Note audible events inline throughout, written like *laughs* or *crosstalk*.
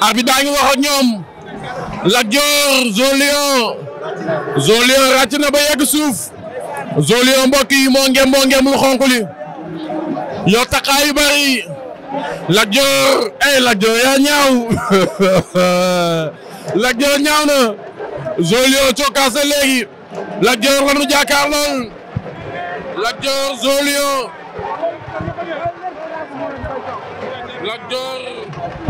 arbitre daa ngi wax ak ñoom Lat Dior Joe na ba yegg suuf Joe Lion mbokk yi moo ngem moo bari Lat Dior eh yaa ñaaw *laughs* Lat ñaaw na Joe Lion cokkaas na léegi Lat Dior lool Lat Dior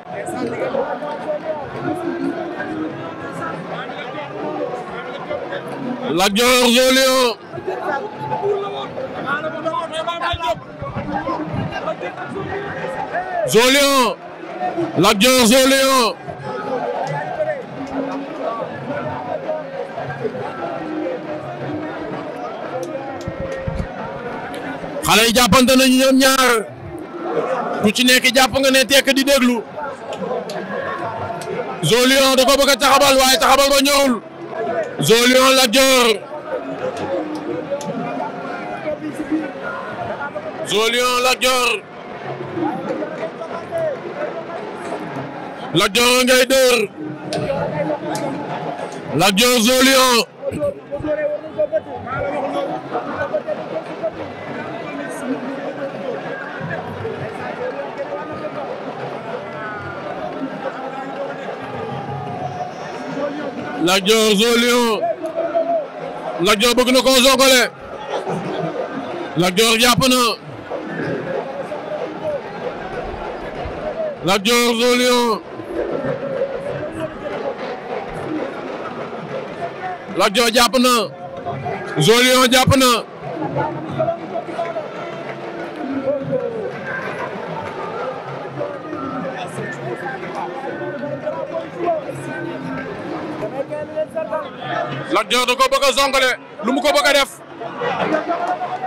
Lat Dior Joe Lion Joe Lion Lat Dior Joe Lion xale yi jàppante nañu ñoom ñaar ku ci nekk jàpp nga ne tekk di déglu Joe Lion da ko bëgg a taxabal waaye taxabal ba ñëwul Joe Lion Lat Dior Joe Lion Lat Dior Lion Lat Dior Joe Lion Lat Dior bëgg na koo songale Lat Dior jàpp na Lat Dior jàpp na Joe jàpp na Lac Dior da ko bëgg a lu mu ko bëgg def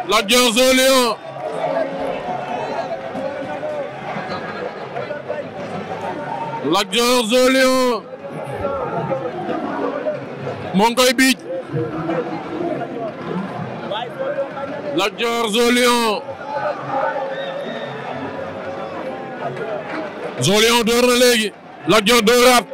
Lac Dior Zo Lion Lac Dior Zo Lion moo ngi koy biij Lac Dior Zo Lion Zo door na léegi Lac Dior dooraat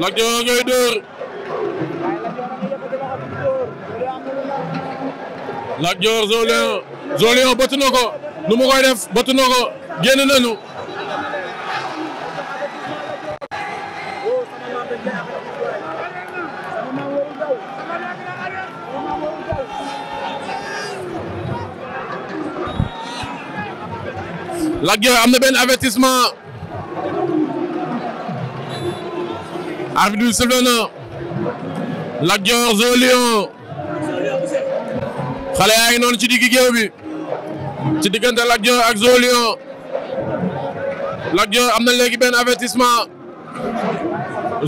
Lac de Guiers ñooy dóor nu mu koy def bëtt na ko génn nañu Lac am na benn avertissement arbitre bi sifflé na Lac Dior Joe Lion xale yaa ngi noonu ci diggi géew bi ci diggante Lac Dior ak Joe Lion Lac Dior am na léegi benn avertissement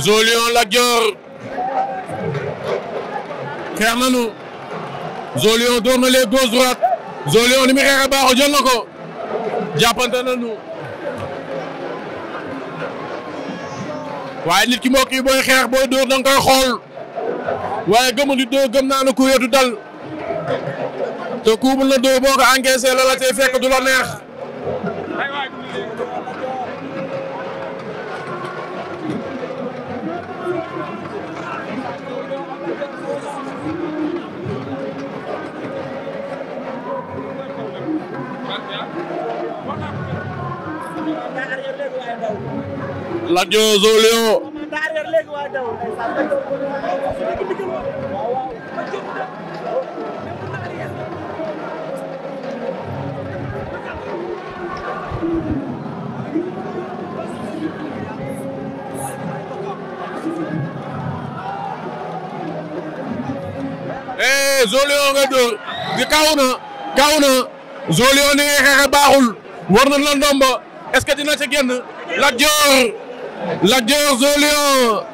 Joe Lion Lac Dior xeex nañu Joe Lion door na les gauche droite Joe Lion ni mu xeexee baaxoo jël na ko jàppante nañu waaye nit ki moo kii booy xeex booy dóor da nga koy xool waaye gëmu di dóor gëm naa ne ku yootu dal te kuubul na dóor boo ko encaissé la la tey fekk du la neex Lat Dior Zo Lion ee eh, Zo Lion nga di kaw na kaw ni ngay baaxul war na la ndomba est dina ca génn Lat Lac Dior Joe Lion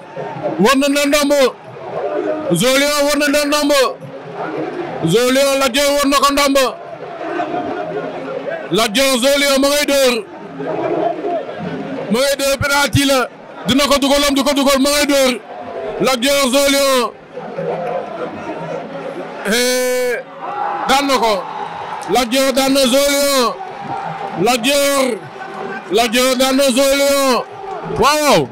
war na na ndomb Joe Lion war na na ndomb dóor ma dóor penalty la dina ko dugal am dóor Lac Dior Joe Lion daan na ko Lac Dior daan na waaw